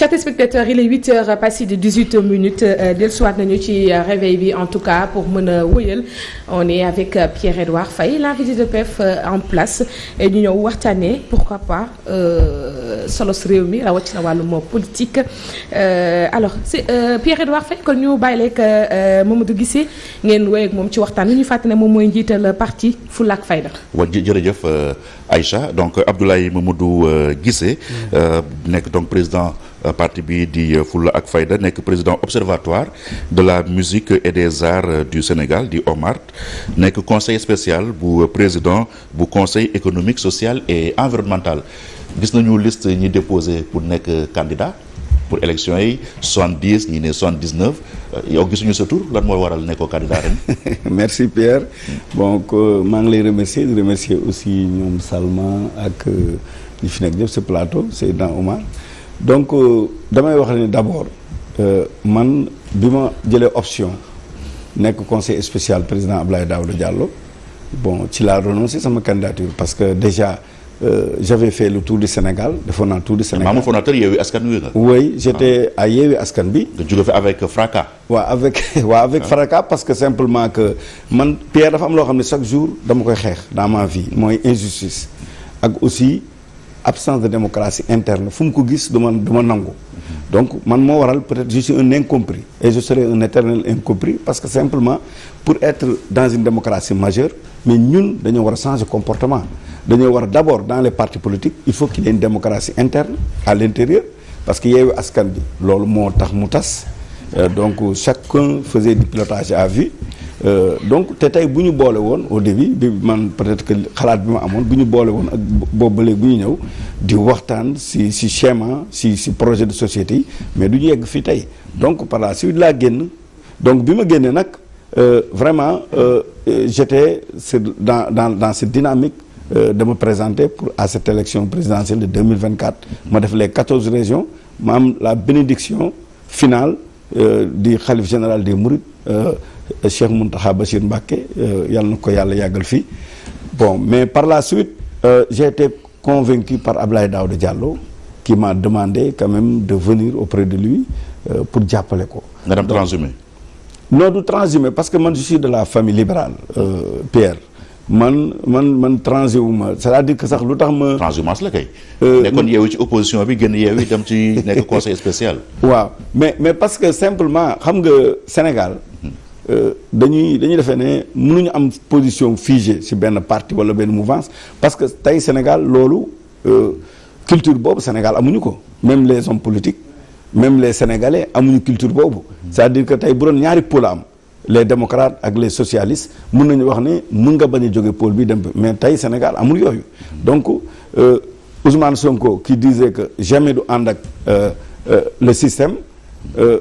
chers téléspectateurs il est 8 heures passées de 18 minutes euh, dellusiwaat nañu ci euh, réveil bi en tout cas pour mën a wëyal on est avec euh, pierre fay Faye l'invité de PEF en place ñu ñëw waxtaanee pourquoi pas solos réew mi rawatina wàllum politique alors c'est Pierre-Edouard Faye kon ñu bàyyi leeg Mamadou Guissé ngeen wéy moom ci waxtaan wi ñu fàttali moom mooy njiital parti Fulla ak Fayda. waaw jërëjëf Aïcha donc Abdoulaye Mamadou Guissé mm. nekk donc président. parti bi di Fulla ak Fayda nekk président observatoire de la musique et des arts du Sénégal di OMART nekk conseil spécial bu président bu conseil économique social et environnemental gis nañu liste ñi déposé pour nekk candidat pour élection yi soixante dix ñi ne soixante dix neuf euh, yow gisuñu sa tur lan mooy waral nekkoo candidat ren. merci Pierre bon euh, maa ngi lay remercier di remercier aussi ñoom Salma ak euh, ñi fi nekk ñëpp ce plateau Seydina Omar. donc euh, damay wax ne d'abord euh, man bi ma jëlee option nekk conseil spécial président daaw Daouda Diallo bon ci laa renoncé sama candidature parce que déjà euh, j'avais fait le tour du Sénégal defoon naa tour du Sénégal. maamu fondateur Yewwi Askan Wi nga. oui ah. j'étais à Yewwi Askan bi. nga jóge fi avec fracas. waa avec waaw avec ah. fracas parce que simplement que man Pierre dafa am loo xam ne chaque jour dama koy xeex dans ma mooy injustice ak aussi. absence de démocratie interne fu mu ko gis du ma ma nangu donc man moo waral peut-être je un incompris et je serai un éternel incompris parce que simplement pour être dans une démocratie majeure mais ñun dañoo war a changer comportement dañoo war a d'abord dans les partis politiques il faut qu'il y ait une démocratie interne à l'intérieur parce que yeewu askan bi loolu moo tax mu tas euh, donc chacun faisait du pilotage à vie Euh, donc te tey bu ñu boole woon au début bi man peut-être que xalaat bi ma amoon bu ñu boole woon ak boobu ba léegi bu ñu ñëw di waxtaan si si schéma si si projet de société yi mais du ñu yegg fii tey donc par la suite laa génn donc bi ma génnee nag euh, vraiment euh, j'étais dans dans dans cette dynamique de me présenter pour à cette élection présidentielle de 2024 ma def les 14 régions ma am la bénédiction finale di xalif général des Mourides Euh, Cheikh Mountakha Bachir Mbacké euh, yàlla na ko yàlla yàggal fii bon mais par la suite euh, j'ai été convaincu par Ablaye Daouda Diallo qui m'a demande quand même de venir au auprès de lui pour jàppale ko. nga dem transhumé. non du transhumé parce que man je de la famille libérale Pierre. man man man transhumé wu ma c'est-à-dire que sax lu tax ma. transhumance la kay. nekkoon euh, yeewu ci opposition bi gën yeewu dem ci nekk conseil spécial. waaw mais mais parce que simplement xam nga Sénégal hmm. euh, dañuy dañuy defe ne mënuñu am position figée ci benn partie walla benn mouvance parce que tey Sénégal loolu euh, culture boobu Sénégal amuñu ko même les hommes politiques même les sénégalais amuñu culture boobu c'est-à-dire que tey bu doon ñaari pôle am. les démocrates ak les socialistes mun nañu wax ni mun nga bañ a jóge pôle bi dem mais tey Sénégal amul yooyu donc euh, Ousmane Sonko qui disait que jamais du ànd ak euh, euh, le système euh,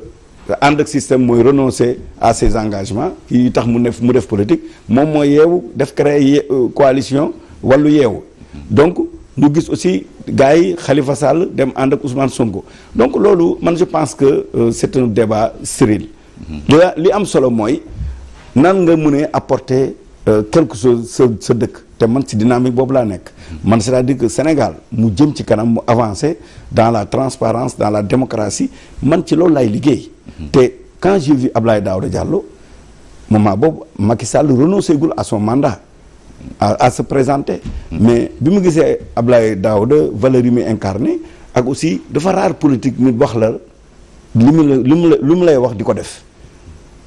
ànd ak système mooy renoncer à ses engagements yi tax mu def mu def politique moom mooy yeewu def créer coalition wallu yeewu donc ñu gis aussi gars yi Khalifa Sall dem ànd ak Ousmane Sonko donc loolu man je pense que c'est un débat stérile li am solo mooy nan nga mën a apporter euh, quelque chose sa dëkk te man si dynamique boobu laa nekk man c'est-à-dire que Sénégal mu jëm ci kanam mu avancer dans la transparence dans la démocratie man ci loolu lay liggéey te quand j'ai vu Abdoulaye Daouda Diallo moment boobu Macky Sall renoncé gul à son mandat à, à se présenter mais bi mu gisee Abdoulaye Daouda valeur yi muy incarné ak aussi dafa rare politique nit wax la li mu la mu la li mu lay wax di ko def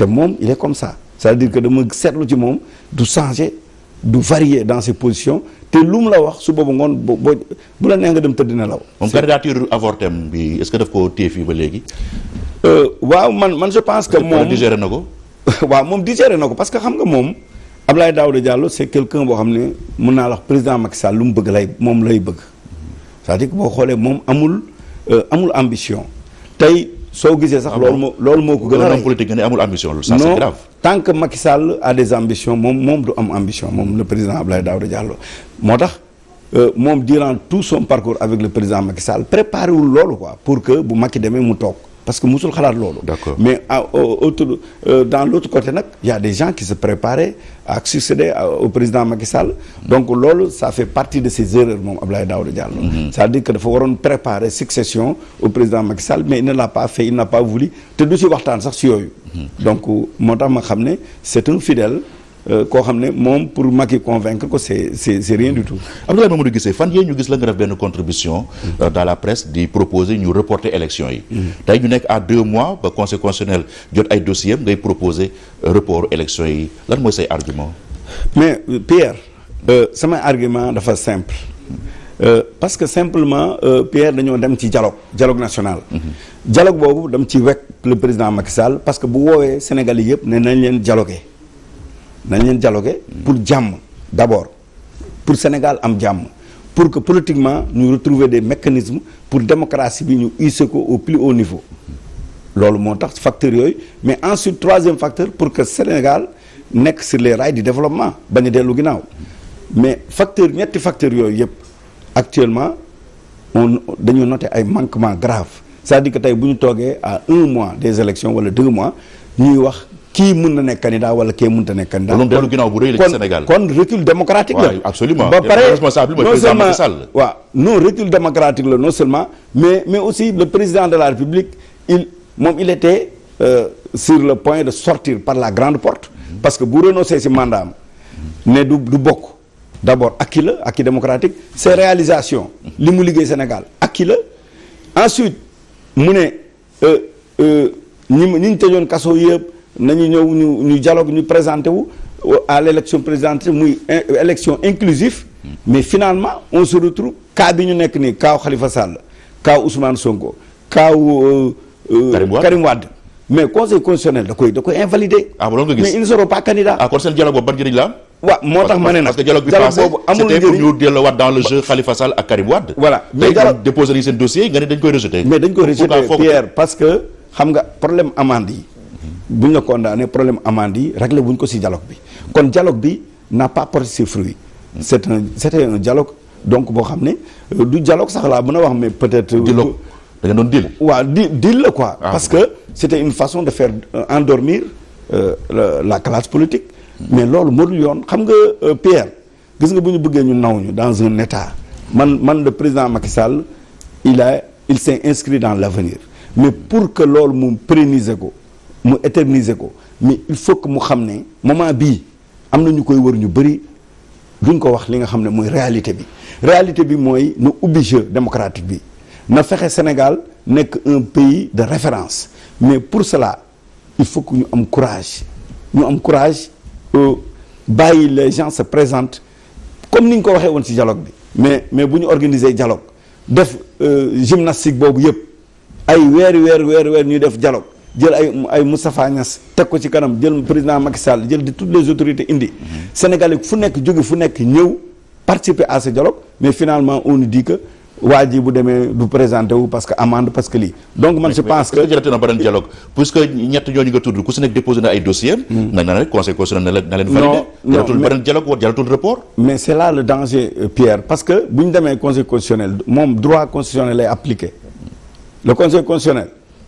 te moom il est comme ça c'est-à-dire que dama seetlu ci moom du changer du varier dans ses positions te lu mu la wax su boobu ngoon boo bu la nee nga dem tëdd nelaw. moom candidature avorté bi est-ce que daf koo ba léegi. Euh, waaw man man je pense que. moom digéré na ko. waaw moom digéré na ko parce que xam nga moom Abdoulaye Daouda Diallo c'est quelqu'un boo xam ne mun naa la wax président Macky Sall lu mu bëgg lay moom lay bëgg cest dire que boo xoolee moom amul euh, amul ambition soo gisee sax ah loolu moo loolu moo ko gën a non politique nga ne amul ambition loolu ça c'est grave tant que Macky Sall a des ambitions moom moom du am ambition moom le président Abdoulaye Daouda Diallo moo tax euh, moom durant tout son parcours avec le président Macky Sall préparé wul loolu quoi pour que bu Macky demee mu toog parce que musul xalaat loolu. d'accord mais à ah, autour euh, dans l'autre côté nag ya a des gens qui se préparaient à succéder au président Macky Sall. donc loolu ça fait partie de ses erreurs moom Abdoulaye Daouda Diallo. Mm-hmm. c'est-à-dire que dafa waroon préparer succession au président Macky Sall mais il ne l'a pas fait il n'a pas voulu te du ci waxtaan sax ci yooyu. Mm-hmm. donc moo tax ma xam ne c'est un fidèle. Euh, koo xam ne moom pour Macky convaincre ko c'est c'est c'est rien du tout Abdoulaye Mamadou gisee fan yee ñu gis la nga def benn contribution euh, dans la presse di proposer ñu reporter élection yi mm-hmm. tey ñu nekk à deux mois ba conseil constitutionnel jot ay dossier ngay proposer euh, report élection yi lan mooy say argument mais Pierre sama argument dafa simple Euh, parce que simplement euh, Pierre dañoo dem ci dialogue dialogue national mm-hmm. dialogue boobu dem ci wekk le président Macky Sall parce que bu woowee Sénégal yi yëpp ne nañ leen dialogué nañ leen dialoguer pour jàmm d'abord pour Sénégal am jàmm pour que politiquement ñu retrouver des mécanismes pour démocratie bi ñu hisser ko au plus haut niveau loolu moo tax facteur yooyu mais ensuite troisième facteur pour que Sénégal nekk si les rails du développement bañ dellu ginnaaw mais facteur ñetti facteur yooyu yëpp actuellement on dañu noté ay manquements graves cest di dire que tey bu ñu toogee à un mois des élections wala deux mois ñuy wax kii mën na nekk candidat wala kii mun ta nekk candidat. loolu dellu ginnaaw bu rëy la ci Sénégal kon recul démocratique la. waaw absolument ba pare responsable mooy président la non seulement mais mais aussi le président de la République il moom il était euh, sur le point de sortir par la grande porte. parce que bu renoncé si mandat ne du du bokk d'abord acquis la acquis démocratique ses réalisations li mu liggéey Sénégal acquis la ensuite mu ne euh, euh, ñi ni ñu tëjoon kaso yëpp. nañu ñëw ñu ñu dialogue ñu présenté wu à l' élection présidentielle muy élection inclusive mais finalement on se retrouve cas bi ñu nekk nii kaaw Khalifa Sall kaaw Ousmane Sonko euh, euh, kaaw Karim Wade mais conseil constitutionnel da koy da koy invalider. Ah, mais ils ne pas candidats. ah dialogue boobu ban njëriñ la am. moo tax ma ne nag parce que dialogue bi passé c'était pour ñu delluwaat dans le jeu Khalifa Sall ak mais dialogue déposé nañu seen dossier nga ne dañ koy rejeté. mais dañ Pierre parce que xam nga problème amande yi. bu ñu la condamné problème amende yi réglé wuñ ko si dialogue bi kon dialogue bi n'a pas porté ses fruits c'est un c'était un dialogue donc boo xam ne euh, du dialogue sax laa mën a wax mais peut-être euh, dialogue da nga doon deal waaw di la quoi ah, parce que c'était une façon de faire euh, endormir la classe politique mais loolu moo yoon xam nga Pierre gis nga bu ñu bëggee ñu naw ñu dans un état man man le président Macky Sall il a il s'est inscrit dans l'avenir mais pour que loolu mu pérenniser ko mu éterniser ko mais il faut que mu xam ne moment bi am na ñu koy wër ñu bëri duñ ko wax li nga xam ne mooy réalité bi réalité bi mooy na ubbi jeu démocratique bi na fexe Sénégal nekk un pays de référence mais pour cela il faut que ñu am courage ñu am courage euh, bàyyi les gens se présentent comme ni ñu ko waxee woon ci dialogue bi mais mais bu ñu organiser dialogue def euh, gymnastique boobu yëpp ay weer weer weer weer ñuy def dialogue jël ay ay Moustapha Niass teg ko ci kanam jël président Macky Sall jël di toutes les autorités indi. Sénégalais fu nekk jóge fu nekk ñëw participer à ce dialogue mais finalement on nous dit que ji bu demee du présenté wu parce que amende parce que lii. donc man je pense que mais est ce que beneen dialogue puisque ñett ñooñu nga tudd ku si nekk déposé na ay dossiers. Hmm. nañ na rek conseil constitutionnel na leen. na leen validé jaratul mais c' est le danger euh, Pierre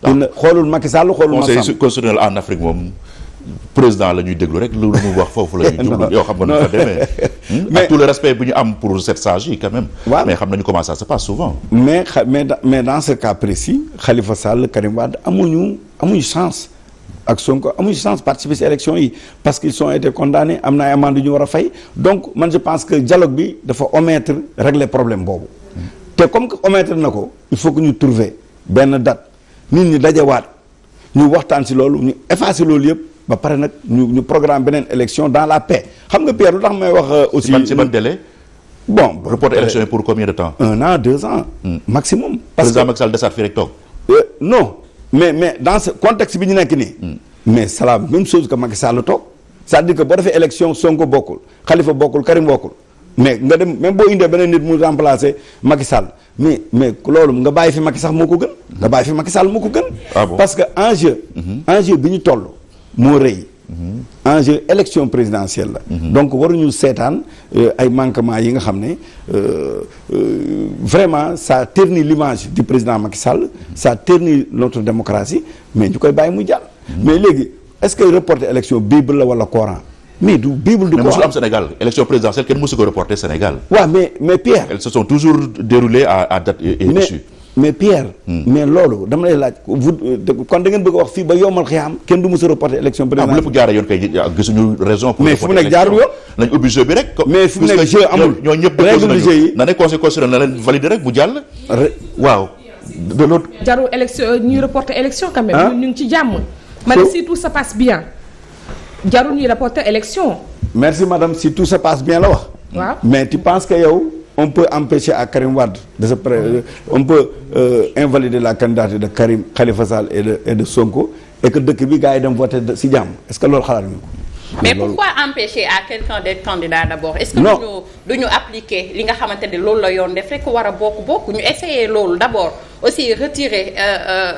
dina xoolul Macky Sall xoolul Macky Sall conseil constitutionnel en Afrique moom président la ñuy déglu rek loolu mu wax foofu la ñuy jublu yoo xam nga nu fa demee hmm? mais tout le respect bu ñu am pour cette sage yi quand mais xam nañu comment ça se passe souvent mais mais mais dans ce cas précis Khalifa Sall Karim Wade amuñu amuñu ak Sonko amuñu chance participer ci élection yi parce qu'ils sont été condamnés am na ay amende ñu war a fay donc man je pense que dialogue bi dafa omettre régler problème boobu hmm. te comme que omettre na ko il faut que trouver benn date nit daje waat ñu waxtaan si loolu ñu effacé loolu yëpp ba pare nag ñu ñu programme beneen élection dans la paix xam nga Pierre lu tax may wax. Euh, aussi si ban délai. bon reporter euh, élection yi pour combien de temps. un an deux ans. Hmm. maximum. parce que président Macky Sall desaat fii rek euh, non mais mais dans ce bi ñu nekk nii. Hmm. mais c'est la même chose que Macky Sall toog. cest dire que boo defee élection Sonko bokkul Khalifa bokkul Karim bokkul. mais nga dem même boo indee beneen nit mu remplacer Macky Sall mais mais loolu nga bàyyi fi Macky sax moo ko gën. nga bàyyi fi Macky Sall moo ko gën. Ah parce que enjeu. Mhm. enjeu bi ñu toll moo rëy. Mhm. enjeu élection présidentielle la. Mhm. donc waruñu seetaan euh, ay manquements yi nga xam ne euh, euh, vraiment ça ternit l'image du président Macky Sall. ça ternit notre démocratie mais ñu koy bàyyi mu jàll. mais léegi est-ce que reporter élection Bible la wala Coran. mais du bible du ko am Sénégal élection présidentielle kenn mosu ko reporter Sénégal. waaw mais mais Pierre. mais Pierre. Hmm. mais loolu dama lay laaj kon da ngeen bëgg a wax fii ba yomal xiyam kenn du mos a élection ah, présidentielle. am lépp jaaree yoon kay ah, gisuñu raison. pour mais fu mu nekk jaarul yoon. nañ ubbi jeu bi rek. mais fu mu nekk jeu amul ñoo ñëpp dëppoo nañu yi na ne conseil constitutionnel na leen valider rek bu jàll. waaw. de l' autre. jarul élection euh, ñuy reporter élection quand même. ñu ngi ci jàmm. man si tout se passe jarul ñuy reporter élection. merci madame si tout se passe bien la wax. waaw mais tu penses que yow on peut empêcher à Karim Wade de se pré on peut euh, invalider la candidature de Karim Khalifa Sall et de Sonko et que dëkk bi gars yi dem voter si jàmm est que loolu xalaat nañu ko. mais pourquoi empêcher à quelqu'un d'être candidat d'abord est-ce que duñu duñu appliquer li nga xamante ne loolu la yoon def rek war a bokk bokk ñu essayer loolu d'abord aussi retirer euh, euh,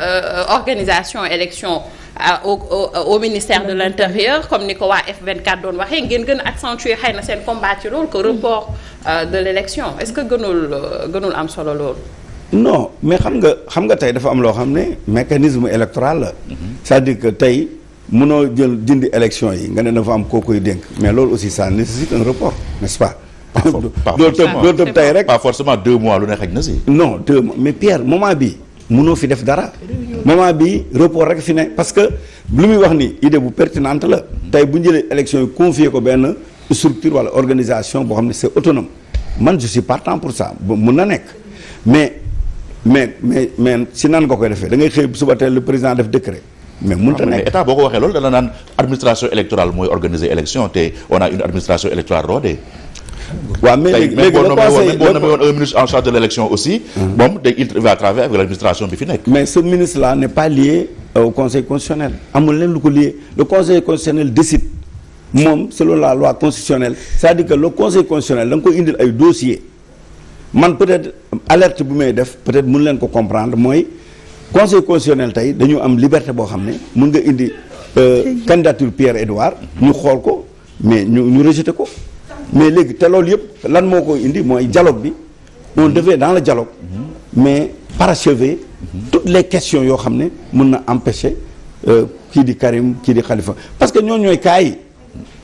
euh organisation élection au au au ministère de l'intérieur comme ni ko waa F24 doon waxee ngeen gën a accentuer xëy na seen combat ci loolu que report euh, de l'élection est-ce que gënul euh, gënul am solo loolu. non mais xam nga xam nga tey dafa am loo xam ne mécanisme électoral la. c'est-à-dire que tey mënoo jël dindi élection yi nga ne dafa am koo koy dénk mais loolu aussi ça nécessite un report n'est-ce pas. pas forcément doo tey rek. pas forcément deux mois lu ne xaj na si. non deux mois mais Pierre moment bi munoo fi def dara moment bi report rek fi ne parce que lu muy wax ni idée bu pertinente la tey bu ñu jëlee élection yi confier ko benn structure wala organisation boo xam ne c'est autonome man je suis partant pour ça mën na nekk mais mais mais mais si nan nga koy defee da ngay xëy suba teel le président def décret mais mënta ah, nekk état boo ko waxee loolu dana naan administration électorale mooy organiser élection te on a une administration électorale rodée waaw mais léegi léegi le conseil même boo nommé woon un ministre en charge de l' élection aussi. moom day il va travailler avec l' administration bi fi nekk. mais ce ministre là n' est pas lié euh, au conseil constitutionnel amul leen lu ko lié le conseil constitutionnel décide moom selon la loi constitutionnelle c'est-à-dire que le conseil constitutionnel da nga koy indil ay dossiers man peut-être alerte bu may def peut-être mun leen ko comprendre mooy conseil constitutionnel tey dañu am liberté boo xam ne mun nga indi euh, candidature Pierre Édouard ñu xool ko mais ñu ñu rejeté ko. mais léegi te loolu yëpp lan moo koy indi mooy dialogue bi on mhm. defee dans le dialogue mhm. mais parachever mhm. toutes les questions yoo xam ne mun na empêcher euh, kii di Karim kii di xalifa parce que ñooñu ñooy cas yi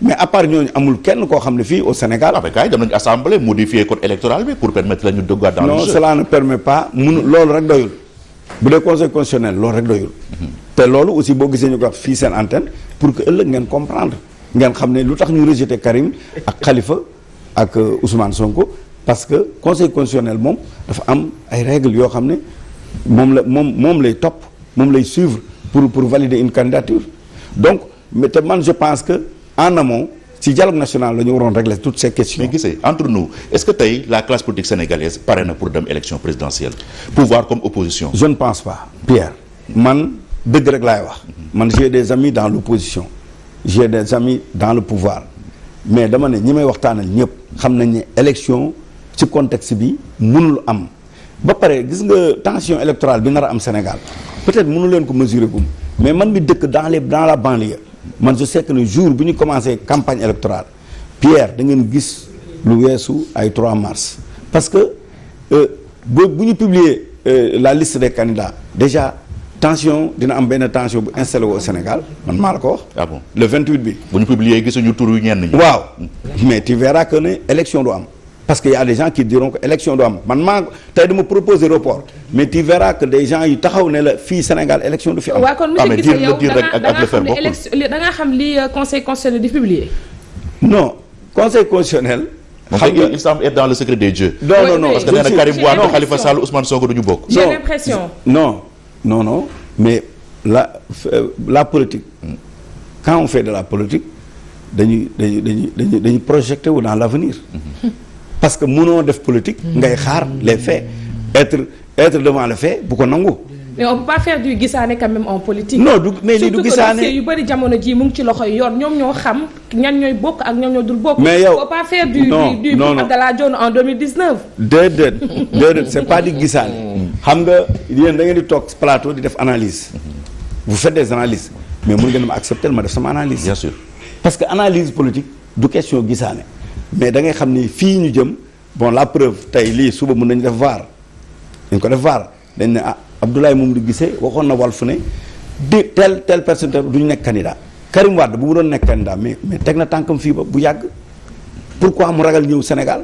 mais à part ñooñu amul kenn koo xam ne fii au Sénégal. avec ay dem nañu assemblée modifier code électoral bi pour permettre la ñu duggaat dans non, le jeu non cela ne permet pas mun loolu rek doyul bu dee conseil constitutionnel loolu rek doyul. te loolu aussi boo gisee ñu ko fii seen antenne pour que ëllëg ngeen comprendre. ngeen xam ne lu tax ñu rejeté Karim ak Khalifa ak euh, Ousmane Sonko parce que conseil constitutionnel moom dafa am ay règles yoo xam ne moom la moom moom lay topp moom lay suivre pour pour valider une candidature donc te man je pense que en amont ci dialogue national la ñu waroon régler toutes ces questions. mais gisee entre nous est-ce que tey la classe politique sénégalaise pare na pour dem élection présidentielle pouvoir comme opposition. je ne pense pas Pierre man dëgg rek laay wax man j'ai des amis dans l'opposition j'ai des amis dans le pouvoir mais dama ne ñi may waxtaanal ñëpp xam nañ ne élection ci contexte bi munul am ba pare gis nga tension électorale bi nar am Sénégal peut-être mënu leen ko mesurer gum mais man bi dëkk dans les dans la banlieue man je sais que jour bu ñu commencé campagne électorale Pierre da ngeen gis lu weesu ay 3 mars parce que euh, bu bu ñu publier euh, la liste des candidats tension dina am benn tension bu installé wu Sénégal man maa ko wax. ah bon bi. bu ñu publier gisuñu tur yu ñenn ñi. waaw mais tu verras que ne élection du am. parce que y a des gens qui diront que élection du am man maa tey dama proposer report mais tu verras que des gens yu taxaw ne la fii Sénégal élection du fi am. waaw kon monsieur ah, Guissé yow da nga xam li euh, conseil constitutionnel di publier. non conseil constitutionnel. xam nga il semble être non non mais la la politique quand on fait de la politique dañuy dañuy dañuy dañuy dañuy projeté wu dans l'avenir parce que mënoo def politique ngay xaar les faits être être devant le fait bu ko nangu mais on peut pas faire du gisaane quand même en politique. bëri jamono jii mu ngi ci loxoy yoon ñoom ñoo xam ñan ñooy bokk ak ñan ñoo dul bokk. mais yow faut pas faire en 2019. déedéet déedéet c'est pas di gisaane. Mm. xam nga yéen da ngeen di toog plateau di def analyse. Mm-hmm. vous faites des analyses mais mën ngeen ma accepter ma def sama analyse. bien sûr parce que analyse politique du question gisaane mais dangay xam ni fii ñu jëm bon la preuve tey lii suba mun nañu def vaar dañ ko def vaar dañ ne ah. moom Mamadou gisee waxoon na Walf ne di tel tel personne du ñu nekk candidat Karim Wade bu mu doon nekk candidat mais mais teg na tànkam fii ba bu yàgg pourquoi mu ragal ñëw Sénégal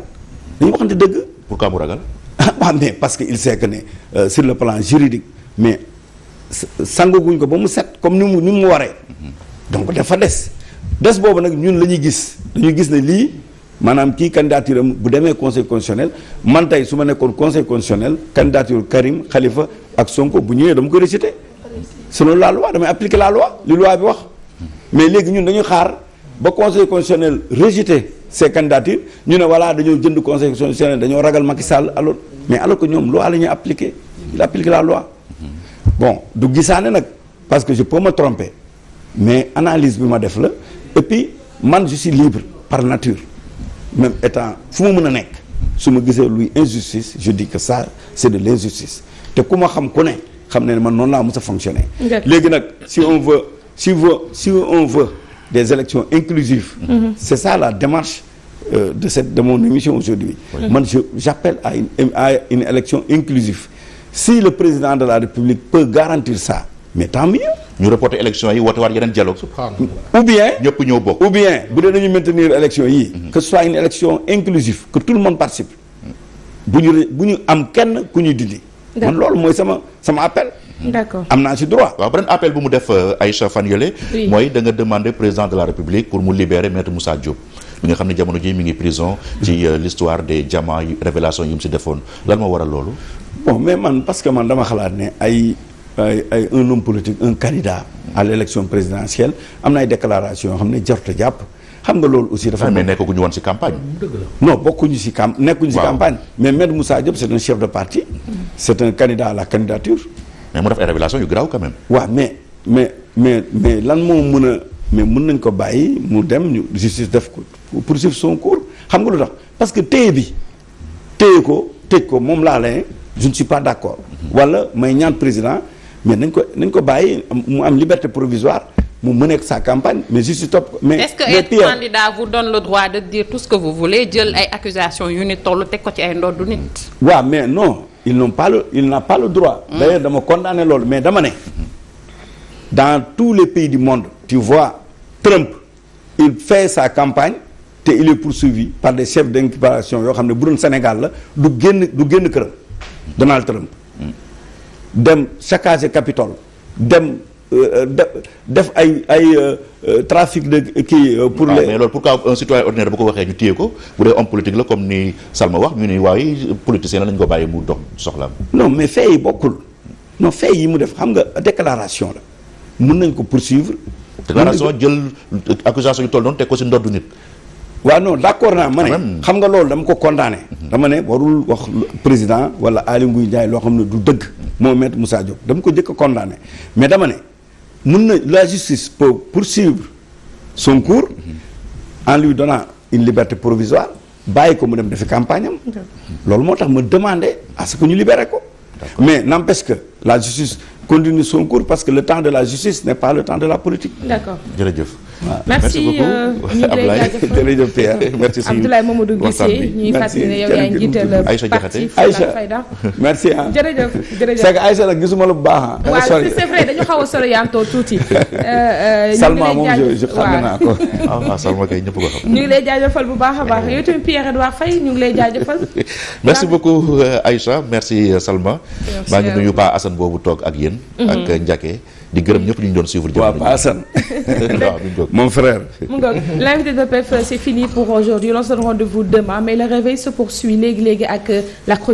dañu waxante dëgg. pourquoi mu ragal. waaw ah, mais parce que il sait que ne euh, su le plan juridique mais sangaguñ ko ba mu set comme ni mu ni mu waree. donc dafa des. des boobu nag ñun la ñuy gis dañuy gis ne lii maanaam kii candidature am bu demee conseil constitutionnel man su ma nekkoon conseil constitutionnel candidature Karim Khalifa. ak Sonko bu ñëwee dama koy rejeté selon la loi damay appliquer la loi li loi bi wax mais léegi ñun dañu xaar ba conseil constitutionnel régité ces candidatures ñu ne voilà dañoo jënd conseil constitutionnel dañoo ragal Macky Sall alors mais alors ko ñoom loi la ñuy appliquer il applique loi bon du gisaane nag parce que je peux ma tromper mais analyse bi ma def la et man je libre par nature même étant fu ma mën a nekk su ma gisee luy injustice je dis que ça c'est de te ku ma xam ku ne xam ne man noonu laa mës sa fonctionner léegi nag si on veu si veut si on veut des élections inclusives mm c'est ça la démarche euh, de cette de mon émission aujourd'hui oui. man je j'appelle à une, à une élection inclusive si le président de la République peut garantir ça mais tant mieux ñu reporter élection yi woote waat yeneen dialogue ou bien ñëpp ñoo bokk ou bien bu dee dañu maintenir élection yi mm-hmm. que ce soit une tout le monde participe bu ñu bu ñu am kenn ku ñuy dindi man loolu mooy sama sama appel. am naa si droit. waaw beneen appel bu mu def euh, Aïcha fan yële. mooy da nga demander président de la république pour mu libérer maître musa Diop. mi nga xam ne jamono ji mi ngi prison ci euh, l'histoire des diamants révélation yi mu si defoon lan moo waral loolu. bon mais man parce que man dama xalaat ne ay ay ay un homme politique un candidat. à l'élection présidentielle am na ay déclaration yoo xam ne jarut jàpp. xam nga loolu aussi dafa. Ah, mais nekkaguñu woon ci campagne. non bokkuñu ci camp ñu ci campagne. mais Maître Moussa Diop c'est un chef de parti. c'est un candidat à la candidature. mais mu def ay révélation yu garaaw quand même. waaw mais mais mais mais lan moo mën a mais mun nañ ko bàyyi mu dem ñu justice def ko poursuivre son cours xam nga lu tax parce que téye bi téye ko tëj ko moom laa lay je ne suis pas d'accord. Mhm. wala may ñaan président mais nañ ko nañ ko bàyyi mu am liberté provisoire. mu mën ak sa campagne mais je suis top. mais est-ce que être candidat vous donne le droit jël ay accusations yu ni toll teg ko ci ay ndoddu nit. waaw mais non ils n'ont pas le il n'a pas le droit. Mm. d'ailleurs dama condamné loolu mais dama ne. dans tous les pays du monde. tu vois Trump il fait sa campagne. te il est poursuivi par des chefs d'inculpation yoo xam ne bu doon Sénégal la du génn du génn këram Donald Trump. Mm. dem saccager Capitole dem Euh, def ay ay euh, euh, trafic de kii pour ah, les mais loolu pourquoi un citoyen ordinaire bu ko waxee ñu téye ko bu dee homme politique la comme ni Salma wax ñu ni waaye politicien la nañu ko bàyyi mu dox soxlaam non mais fee yi bokkul no fee yi mu def xam nga déclaration la mun nañ ko poursuivre déclaration jël accusation yu toll noonu teg ko si ndoddu nit waa non d'accord naa ma ne xam nga loolu dama ko condamné mhm. dama ne warul wax président wala Aly Ngouille Ndiaye loo xam ne du dëgg moom maître Moussa dama ko jëkk a condamné mais dama mën na la justice peut poursuivre son cours en lui donnant une liberté provisoire bàyyi ko mu dem defi campagne am loolu moo tax ma demande à ce que ñu libérer ko mais n'empêche que la justice continue son cours parce que le temps de la justice n'est pas le temps de la politique jërëjëf merci beaucoup euh, Ablaye jërëjëf Pierre merci si Abdoulaye Mamadou Guissé ñuy fàttali ne yow yaay njiital Aïcha Diakhaté Aïcha merci ah jërëjëf jërëjëf c'est baax ah waaw c'est vrai a Salma moom ngi lay jaajëfal bu boobu toog ak yéen mhm. ak Ndiaké di gërëm ñëpp ñu doon suivre. waaw Pa Assane mon frère. l'invité de PEF c'est fini pour aujourd'hui on se rendez-vous demain mais le réveil se poursuit léegi léegi ak euh, la